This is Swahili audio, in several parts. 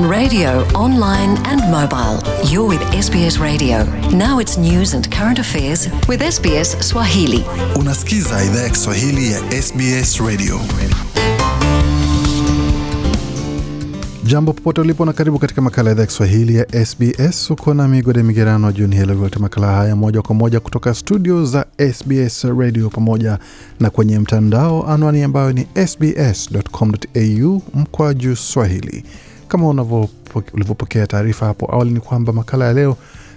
on radio, online, and mobile. You're with SBS Radio. Now it's news and current affairs with SBS Swahili. Unaskiza idhaa ya Kiswahili ya SBS Radio. Jambo popote ulipo na karibu katika makala idhaa ya Kiswahili ya SBS. Uko na migode migerano juni hilo makala haya moja kwa moja kutoka studio za SBS Radio pamoja na kwenye mtandao, anwani ambayo ni sbs.com.au mkwaju swahili. Kama ulivyopokea taarifa hapo awali, ni kwamba makala ya leo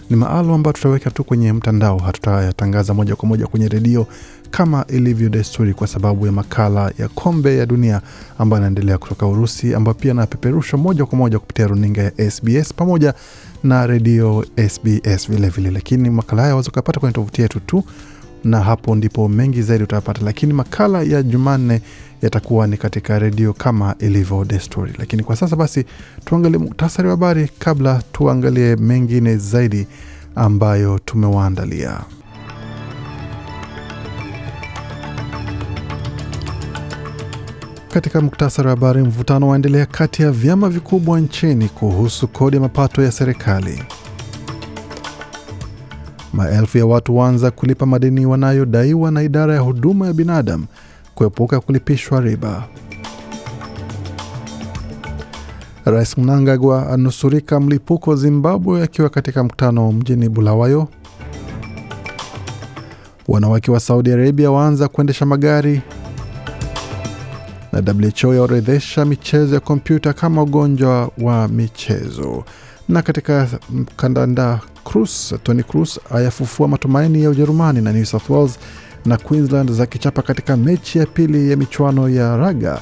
ni maalum ambayo tutaweka tu kwenye mtandao, hatutayatangaza moja kwa moja kwenye redio kama ilivyo desturi, kwa sababu ya makala ya kombe ya dunia ambayo anaendelea kutoka Urusi, ambayo pia inapeperusha moja kwa moja kupitia runinga ya SBS pamoja na redio SBS vilevile Lakini makala haya waweza ukapata kwenye tovuti yetu tu na hapo ndipo mengi zaidi utayapata, lakini makala ya Jumanne yatakuwa ni katika redio kama ilivyo desturi. Lakini kwa sasa basi, tuangalie muktasari wa habari kabla tuangalie mengine zaidi ambayo tumewaandalia. Katika muktasari wa habari, mvutano waendelea kati ya vyama vikubwa nchini kuhusu kodi ya mapato ya serikali maelfu ya watu waanza kulipa madeni wanayodaiwa na idara ya huduma ya binadamu kuepuka kulipishwa riba. Rais Mnangagwa anusurika mlipuko Zimbabwe akiwa katika mkutano mjini Bulawayo. Wanawake wa Saudi Arabia waanza kuendesha magari, na WHO yaorodhesha michezo ya kompyuta kama ugonjwa wa michezo. Na katika kandanda Cruz, Tony Cruz ayafufua matumaini ya Ujerumani na New South Wales na Queensland za kichapa katika mechi ya pili ya michuano ya raga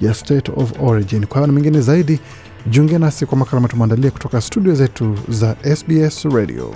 ya State of Origin. Kwa hayo na mengine zaidi, jiunge nasi kwa makala matumaandalia kutoka studio zetu za SBS Radio.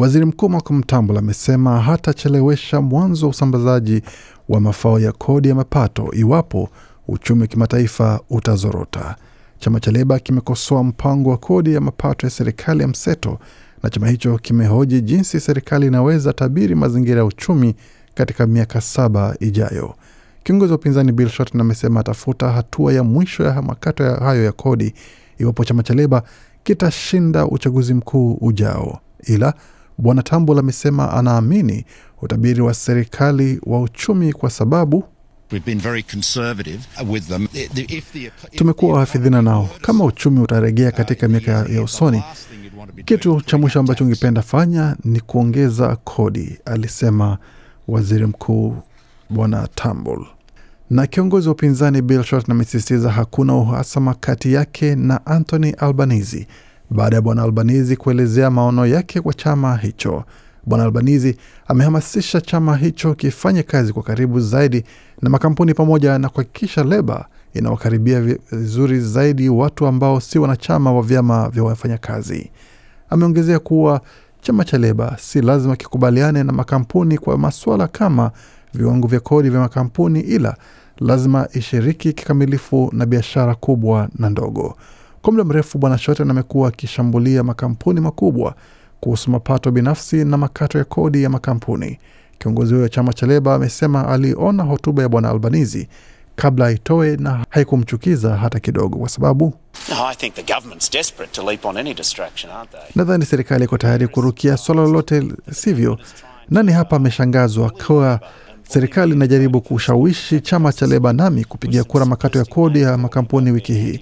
Waziri Mkuu Malcolm Turnbull amesema hatachelewesha mwanzo wa usambazaji wa mafao ya kodi ya mapato iwapo uchumi wa kimataifa utazorota. Chama cha Leba kimekosoa mpango wa kodi ya mapato ya serikali ya mseto, na chama hicho kimehoji jinsi serikali inaweza tabiri mazingira ya uchumi katika miaka saba ijayo. Kiongozi wa upinzani Bill Shorten amesema atafuta hatua ya mwisho ya makato ya hayo ya kodi iwapo chama cha Leba kitashinda uchaguzi mkuu ujao, ila Bwana tambul amesema anaamini utabiri wa serikali wa uchumi kwa sababu tumekuwa wahafidhina nao. Kama uchumi utaregea katika miaka ya usoni, kitu cha mwisho ambacho ungependa fanya ni kuongeza kodi, alisema waziri mkuu Bwana tambul Na kiongozi wa upinzani Bill Shorten amesisitiza hakuna uhasama kati yake na Anthony Albanese baada ya bwana Albanizi kuelezea maono yake kwa chama hicho. Bwana Albanizi amehamasisha chama hicho kifanye kazi kwa karibu zaidi na makampuni pamoja na kuhakikisha Leba inawakaribia vizuri zaidi watu ambao si wanachama wa vyama vya wafanyakazi. Ameongezea kuwa chama cha Leba si lazima kikubaliane na makampuni kwa masuala kama viwango vya kodi vya makampuni, ila lazima ishiriki kikamilifu na biashara kubwa na ndogo. Kwa muda mrefu, Bwana Shorten amekuwa akishambulia makampuni makubwa kuhusu mapato binafsi na makato ya kodi ya makampuni. Kiongozi huyo wa chama cha Leba amesema aliona hotuba ya Bwana Albanizi kabla aitoe na haikumchukiza hata kidogo, kwa sababu nadhani serikali iko tayari kurukia swala lolote, sivyo? Nani hapa ameshangazwa kuwa Serikali inajaribu kushawishi chama cha Leba nami kupigia kura makato ya kodi ya makampuni wiki hii.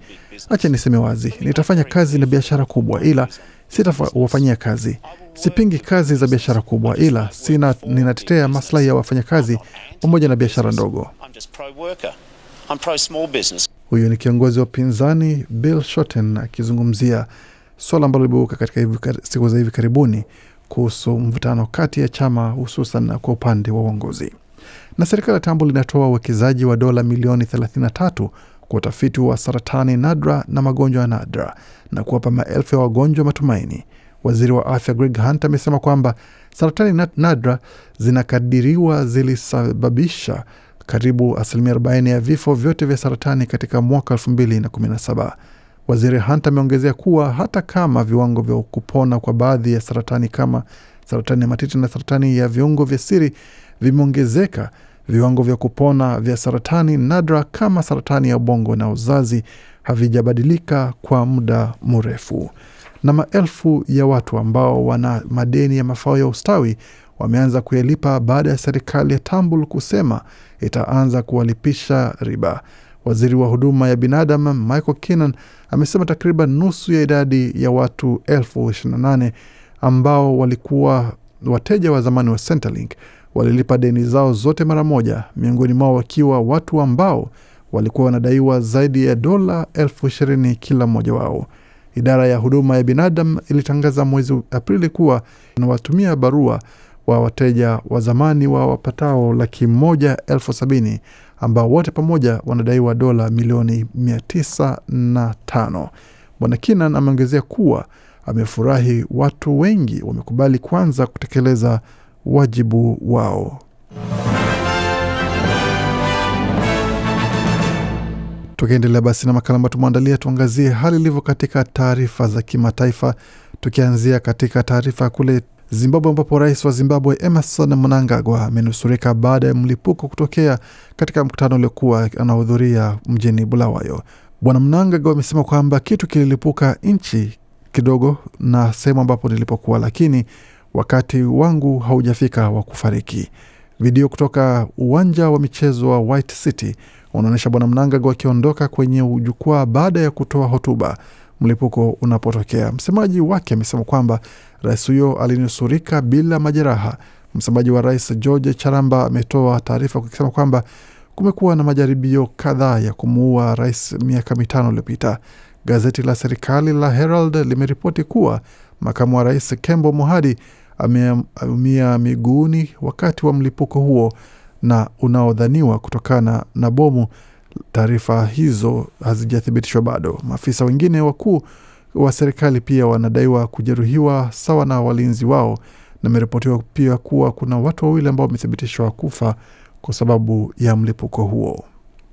Acha niseme wazi, nitafanya kazi na biashara kubwa, ila sitawafanyia kazi. Sipingi kazi za biashara kubwa, ila sina, ninatetea maslahi ya wafanyakazi pamoja na biashara ndogo. Huyu ni kiongozi wa upinzani Bill Shorten akizungumzia swala ambalo libuka katika siku za hivi karibuni kuhusu mvutano kati ya chama hususan kwa upande wa uongozi na serikali ya Tambo linatoa uwekezaji wa dola milioni 33 kwa utafiti wa saratani nadra na magonjwa ya nadra na kuwapa maelfu ya wagonjwa matumaini. Waziri wa afya Greg Hunt amesema kwamba saratani nadra zinakadiriwa zilisababisha karibu asilimia 40 ya vifo vyote vya saratani katika mwaka 2017. Waziri Hunt ameongezea kuwa hata kama viwango vya kupona kwa baadhi ya saratani kama saratani ya matiti na saratani ya viungo vya siri vimeongezeka Viwango vya kupona vya saratani nadra kama saratani ya ubongo na uzazi havijabadilika kwa muda mrefu, na maelfu ya watu ambao wana madeni ya mafao ya ustawi wameanza kuyalipa baada ya serikali ya Tambul kusema itaanza kuwalipisha riba. Waziri wa huduma ya binadamu Michael kinan amesema takriban nusu ya idadi ya watu 28 ambao walikuwa wateja wa zamani wa Centrelink walilipa deni zao zote mara moja, miongoni mwao wakiwa watu ambao walikuwa wanadaiwa zaidi ya dola elfu ishirini kila mmoja wao. Idara ya huduma ya binadamu ilitangaza mwezi Aprili kuwa inawatumia barua wa wateja wa zamani wa wapatao laki moja elfu sabini ambao wote pamoja wanadaiwa dola milioni mia tisa na tano. Bwana Kinan ameongezea kuwa amefurahi watu wengi wamekubali kwanza kutekeleza wajibu wao. Tukiendelea basi na makala ambayo tumeandalia, tuangazie hali ilivyo katika taarifa za kimataifa, tukianzia katika taarifa kule Zimbabwe ambapo rais wa Zimbabwe Emerson Mnangagwa amenusurika baada ya mlipuko kutokea katika mkutano uliokuwa anahudhuria mjini Bulawayo. Bwana Mnangagwa amesema kwamba kitu kililipuka nchi kidogo na sehemu ambapo nilipokuwa, lakini wakati wangu haujafika wa kufariki. Video kutoka uwanja wa michezo wa White City unaonyesha Bwana Mnangagwa akiondoka kwenye jukwaa baada ya kutoa hotuba mlipuko unapotokea. Msemaji wake amesema kwamba rais huyo alinusurika bila majeraha. Msemaji wa rais George Charamba ametoa taarifa akisema kwamba kumekuwa na majaribio kadhaa ya kumuua rais miaka mitano iliyopita. Gazeti la serikali la Herald limeripoti kuwa makamu wa rais Kembo Mohadi ameumia miguuni wakati wa mlipuko huo na unaodhaniwa kutokana na bomu. Taarifa hizo hazijathibitishwa bado. Maafisa wengine wakuu wa serikali pia wanadaiwa kujeruhiwa sawa na walinzi wao, na imeripotiwa pia kuwa kuna watu wawili ambao wamethibitishwa kufa kwa sababu ya mlipuko huo.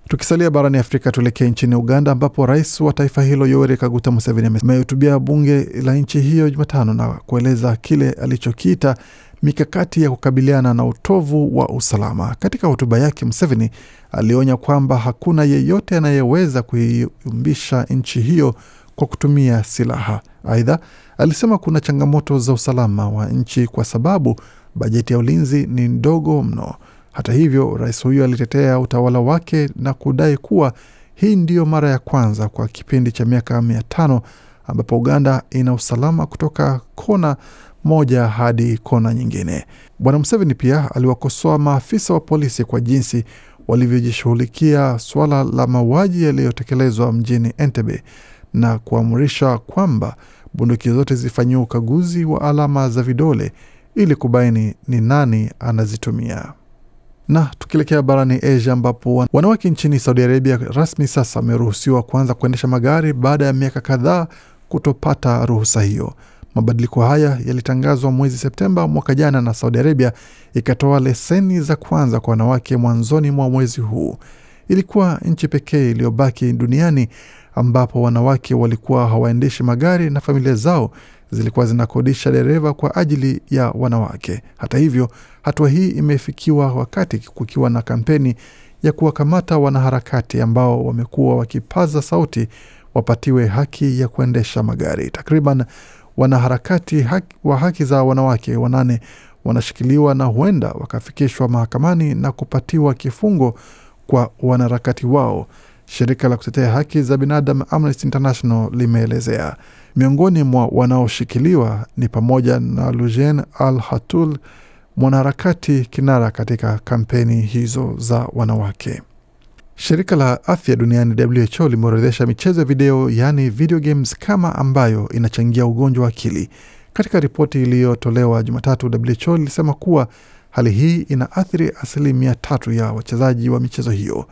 Tukisalia barani Afrika, tuelekee nchini Uganda ambapo rais wa taifa hilo Yoweri Kaguta Museveni amehutubia bunge la nchi hiyo Jumatano na kueleza kile alichokiita mikakati ya kukabiliana na utovu wa usalama. Katika hotuba yake, Museveni alionya kwamba hakuna yeyote anayeweza kuiumbisha nchi hiyo kwa kutumia silaha. Aidha, alisema kuna changamoto za usalama wa nchi kwa sababu bajeti ya ulinzi ni ndogo mno. Hata hivyo, rais huyo alitetea utawala wake na kudai kuwa hii ndiyo mara ya kwanza kwa kipindi cha miaka mia tano ambapo Uganda ina usalama kutoka kona moja hadi kona nyingine. Bwana Museveni pia aliwakosoa maafisa wa polisi kwa jinsi walivyojishughulikia suala la mauaji yaliyotekelezwa mjini Entebbe na kuamrisha kwamba bunduki zote zifanyiwe ukaguzi wa alama za vidole ili kubaini ni nani anazitumia. Na tukielekea barani Asia, ambapo wanawake nchini Saudi Arabia rasmi sasa wameruhusiwa kuanza kuendesha magari baada ya miaka kadhaa kutopata ruhusa hiyo. Mabadiliko haya yalitangazwa mwezi Septemba mwaka jana, na Saudi Arabia ikatoa leseni za kwanza kwa wanawake mwanzoni mwa mwezi huu. Ilikuwa nchi pekee iliyobaki duniani ambapo wanawake walikuwa hawaendeshi magari na familia zao zilikuwa zinakodisha dereva kwa ajili ya wanawake. Hata hivyo, hatua hii imefikiwa wakati kukiwa na kampeni ya kuwakamata wanaharakati ambao wamekuwa wakipaza sauti wapatiwe haki ya kuendesha magari. Takriban wanaharakati haki wa haki za wanawake wanane wanashikiliwa na huenda wakafikishwa mahakamani na kupatiwa kifungo kwa wanaharakati wao shirika la kutetea haki za binadamu Amnesty International limeelezea. Miongoni mwa wanaoshikiliwa ni pamoja na Lujen Al Hatul, mwanaharakati kinara katika kampeni hizo za wanawake. Shirika la afya duniani WHO limeorodhesha michezo ya video, yaani video games, kama ambayo inachangia ugonjwa wa akili. Katika ripoti iliyotolewa Jumatatu, WHO lilisema kuwa hali hii inaathiri asilimia tatu ya wachezaji wa michezo hiyo.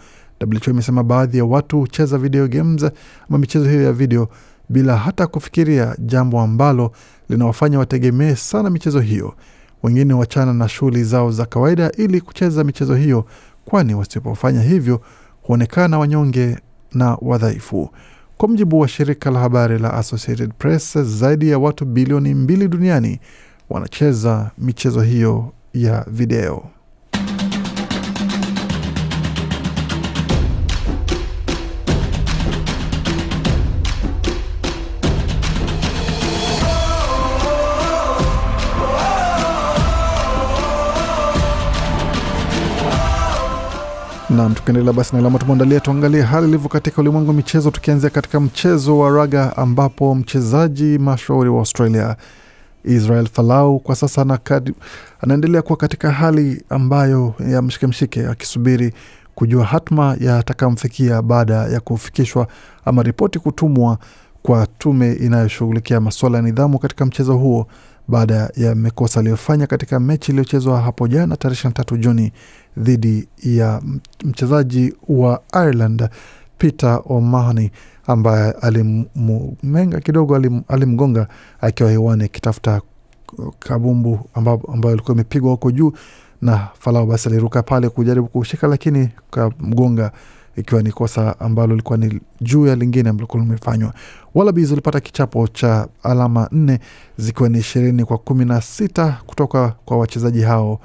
WHO imesema baadhi ya watu hucheza video games ama michezo hiyo ya video bila hata kufikiria, jambo ambalo linawafanya wategemee sana michezo hiyo. Wengine wachana na shughuli zao za kawaida ili kucheza michezo hiyo, kwani wasipofanya hivyo huonekana wanyonge na wadhaifu. Kwa mujibu wa shirika la habari la Associated Press, zaidi ya watu bilioni mbili duniani wanacheza michezo hiyo ya video. Nam, tukiendelea basi na tumeandalia, tuangalie hali ilivyo katika ulimwengu wa michezo, tukianzia katika mchezo wa raga ambapo mchezaji mashauri wa Australia Israel Falau kwa sasa anakadi, anaendelea kuwa katika hali ambayo ya mshike mshike akisubiri kujua hatma ya atakamfikia baada ya kufikishwa ama ripoti kutumwa kwa tume inayoshughulikia masuala ya nidhamu katika mchezo huo baada ya mikosa aliyofanya katika mechi iliyochezwa hapo jana tarehe 23 Juni dhidi ya mchezaji wa Ireland Peter O'Mahony ambaye alimmenga kidogo, alimgonga akiwa hewani akitafuta kabumbu ambayo ilikuwa imepigwa huko juu, na Falau basi aliruka pale kujaribu kuushika, lakini kamgonga ikiwa ni kosa ambalo ilikuwa ni juu ya lingine ambalo limefanywa. Wallabies walipata kichapo cha alama nne zikiwa ni ishirini kwa kumi na sita kutoka kwa wachezaji hao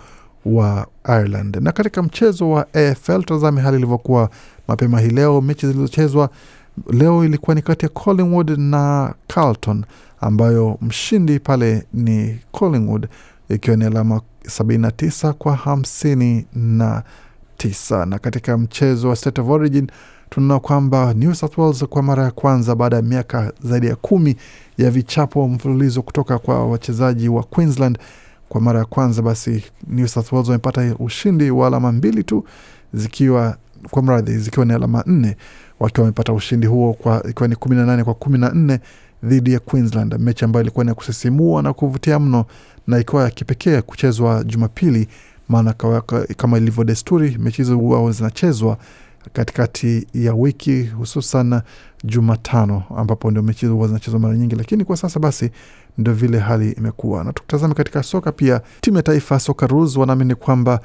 wa Ireland. Na katika mchezo wa AFL tazame hali ilivyokuwa mapema hii leo. Mechi zilizochezwa leo ilikuwa ni kati ya Collingwood na Carlton, ambayo mshindi pale ni Collingwood ikiwa ni alama 79 kwa hamsini na tisa. Na katika mchezo wa State of Origin tunaona kwamba New South Wales kwa mara ya kwanza baada ya miaka zaidi ya kumi ya vichapo mfululizo kutoka kwa wachezaji wa Queensland, kwa mara ya kwanza basi New South Wales wamepata ushindi wa alama mbili tu zikiwa kwa mradhi, zikiwa ni alama nne wakiwa wamepata ushindi huo kwa, ikiwa ni kumi na nane kwa kumi na nne dhidi ya Queensland, mechi ambayo ilikuwa ni ya kusisimua na kuvutia mno na ikiwa ya kipekee kuchezwa Jumapili maana kama ilivyo desturi, mechi hizo huwa zinachezwa katikati ya wiki hususan Jumatano ambapo ndio mechi huwa zinachezwa mara nyingi, lakini kwa sasa basi ndio vile hali imekuwa. Na tukitazama katika soka pia, timu ya taifa Soka wanaamini kwamba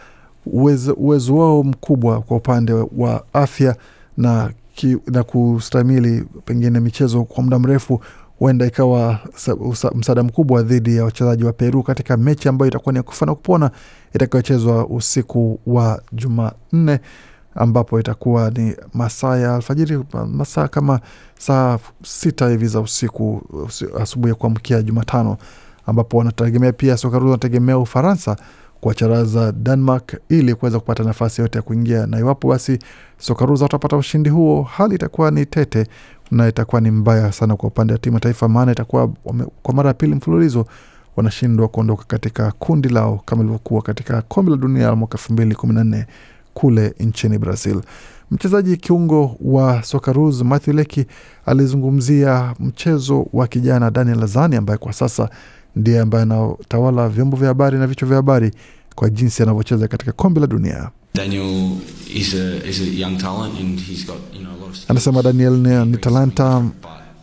uwezo wao mkubwa kwa upande wa afya na, ki, na kustamili pengine michezo kwa muda mrefu huenda ikawa msaada mkubwa dhidi ya wachezaji wa Peru katika mechi ambayo itakuwa ni ya kufana kupona itakayochezwa usiku wa Jumanne ambapo itakuwa ni masaa ya alfajiri, masaa kama saa sita hivi za usiku, asubuhi ya kuamkia Jumatano, ambapo wanategemea pia sokaruz wanategemea Ufaransa kuwacharaza Denmark ili kuweza kupata nafasi yote ya kuingia, na iwapo basi Sokaruza watapata ushindi huo, hali itakuwa ni tete na itakuwa ni mbaya sana kwa upande wa timu ya taifa, maana itakuwa kwa mara ya pili mfululizo wanashindwa kuondoka katika kundi lao kama ilivyokuwa katika kombe la dunia la mwaka elfu mbili kumi na nne kule nchini Brazil. Mchezaji kiungo wa Socceroos Matthew Leki alizungumzia mchezo wa kijana Daniel Lazani ambaye kwa sasa ndiye ambaye anatawala vyombo vya habari na vichwa vya habari kwa jinsi anavyocheza katika kombe la dunia. Daniel anasema Daniel ni, ni talanta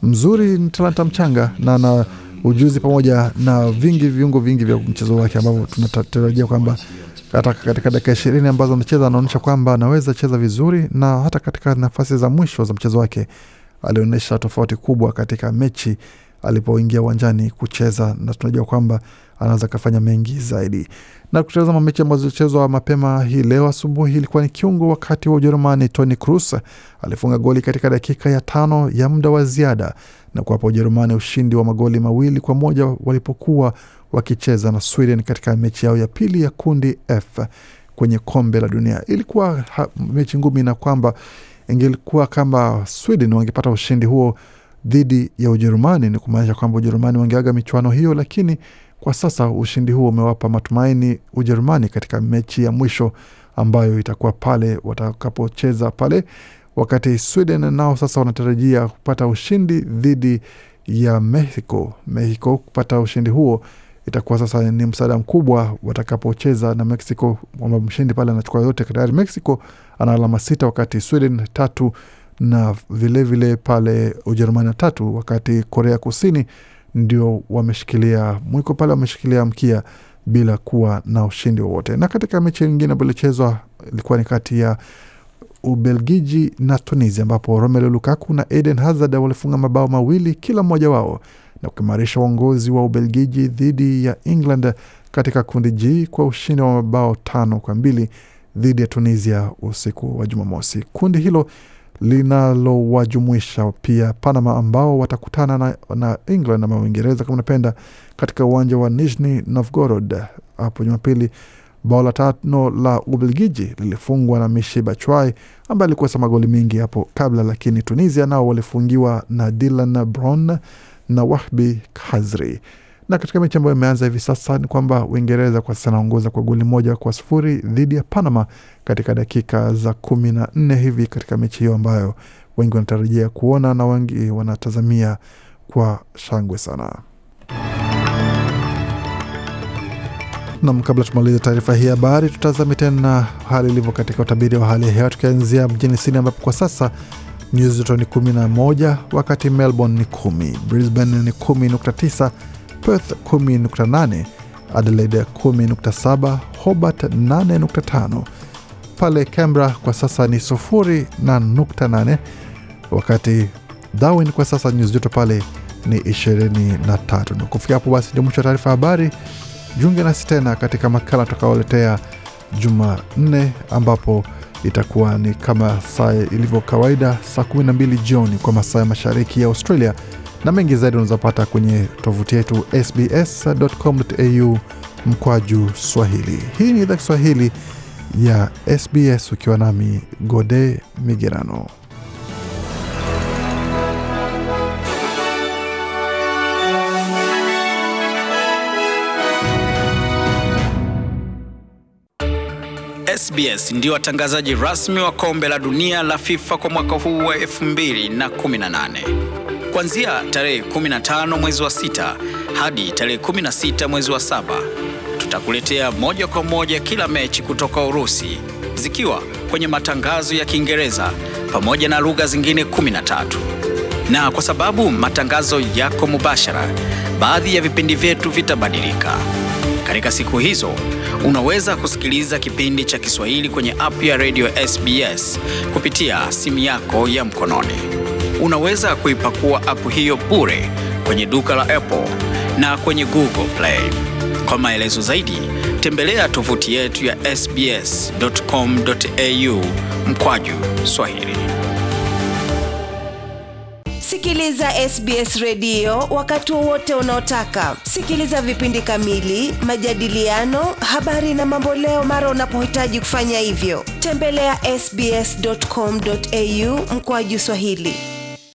mzuri, ni talanta mchanga na ana ujuzi pamoja na vingi viungo vingi vya mchezo wake ambavyo tunatarajia kwamba hata katika dakika ishirini ambazo anacheza anaonyesha kwamba anaweza cheza vizuri, na hata katika nafasi za mwisho za mchezo wake alionyesha tofauti kubwa katika mechi alipoingia uwanjani kucheza, na tunajua kwamba anaweza akafanya mengi zaidi. Na kutazama mechi ambazo zilichezwa mapema hii leo asubuhi, ilikuwa ni kiungo wakati wa Ujerumani Toni Kroos alifunga goli katika dakika ya tano ya muda wa ziada na kuwapa Ujerumani ushindi wa magoli mawili kwa moja walipokuwa wakicheza na Sweden katika mechi yao ya pili ya kundi F kwenye kombe la dunia. Ilikuwa ha, mechi ngumi na kwamba ingelikuwa kama Sweden wangepata ushindi huo dhidi ya Ujerumani, ni kumaanisha kwamba Ujerumani wangeaga michuano hiyo, lakini kwa sasa ushindi huo umewapa matumaini Ujerumani katika mechi ya mwisho ambayo itakuwa pale watakapocheza pale, wakati Sweden nao sasa wanatarajia kupata ushindi dhidi ya Mexico. Mexico kupata ushindi huo itakuwa sasa ni msaada mkubwa watakapocheza na Mexico, kwamba mshindi pale anachukua yote. Tayari Mexico ana alama sita wakati Sweden tatu na vilevile vile pale Ujerumani na tatu, wakati Korea Kusini ndio wameshikilia mwiko pale, wameshikilia mkia bila kuwa na ushindi wowote. Na katika mechi nyingine ambayo ilichezwa ilikuwa ni kati ya Ubelgiji na Tunisia ambapo Romelu Lukaku na Eden Hazard walifunga mabao mawili kila mmoja wao na kuimarisha uongozi wa Ubelgiji dhidi ya England katika kundi G kwa ushindi wa mabao tano kwa mbili dhidi ya Tunisia usiku wa Jumamosi. Kundi hilo linalowajumuisha pia Panama ambao watakutana na, na England ama Uingereza kama unapenda katika uwanja wa Nizhni Novgorod hapo Jumapili. Bao la tano la Ubelgiji lilifungwa na mishi bachwai ambaye alikosa magoli mengi hapo kabla, lakini Tunisia nao walifungiwa na Dilan Bron na Wahbi Khazri. Na katika mechi ambayo imeanza hivi sasa ni kwamba Uingereza kwa sasa inaongoza kwa goli moja kwa sufuri dhidi ya Panama katika dakika za kumi na nne hivi katika mechi hiyo ambayo wengi wanatarajia kuona na wengi wanatazamia kwa shangwe sana. Nam, kabla tumaliza taarifa hii habari, tutazame tena hali ilivyo katika utabiri wa hali ya hewa tukianzia mjini Sydney ambapo kwa sasa nyuzi joto ni 11, wakati Melbourne ni 10, Brisbane ni 10.9 Perth 10.8, Adelaide 10.7, Hobart 8.5. Pale Canberra kwa sasa ni sufuri na nukta nane, wakati Darwin kwa sasa nyuzi joto pale ni 23. Na kufikia hapo basi ndio mwisho wa taarifa habari. Jiunge nasi tena katika makala tutakaoletea Jumanne ambapo itakuwa ni kama saa ilivyo kawaida, saa 12 jioni kwa masaa ya mashariki ya Australia na mengi zaidi unazopata kwenye tovuti yetu sbs.com.au mkwaju Swahili. Hii ni idhaa Kiswahili ya SBS ukiwa nami Gode Migerano. SBS ndio watangazaji rasmi wa kombe la dunia la FIFA kwa mwaka huu wa 2018 kuanzia tarehe 15 mwezi wa sita hadi tarehe 16 mwezi wa saba. Tutakuletea moja kwa moja kila mechi kutoka Urusi zikiwa kwenye matangazo ya Kiingereza pamoja na lugha zingine 13. Na kwa sababu matangazo yako mubashara, baadhi ya vipindi vyetu vitabadilika. Katika siku hizo unaweza kusikiliza kipindi cha Kiswahili kwenye app ya Radio SBS kupitia simu yako ya mkononi unaweza kuipakua app hiyo bure kwenye duka la Apple na kwenye Google Play. Kwa maelezo zaidi tembelea tovuti yetu ya sbs.com.au mkwaju Swahili. Sikiliza SBS redio wakati wowote unaotaka. Sikiliza vipindi kamili, majadiliano, habari na mamboleo mara unapohitaji kufanya hivyo. Tembelea sbs.com.au mkwaju Swahili.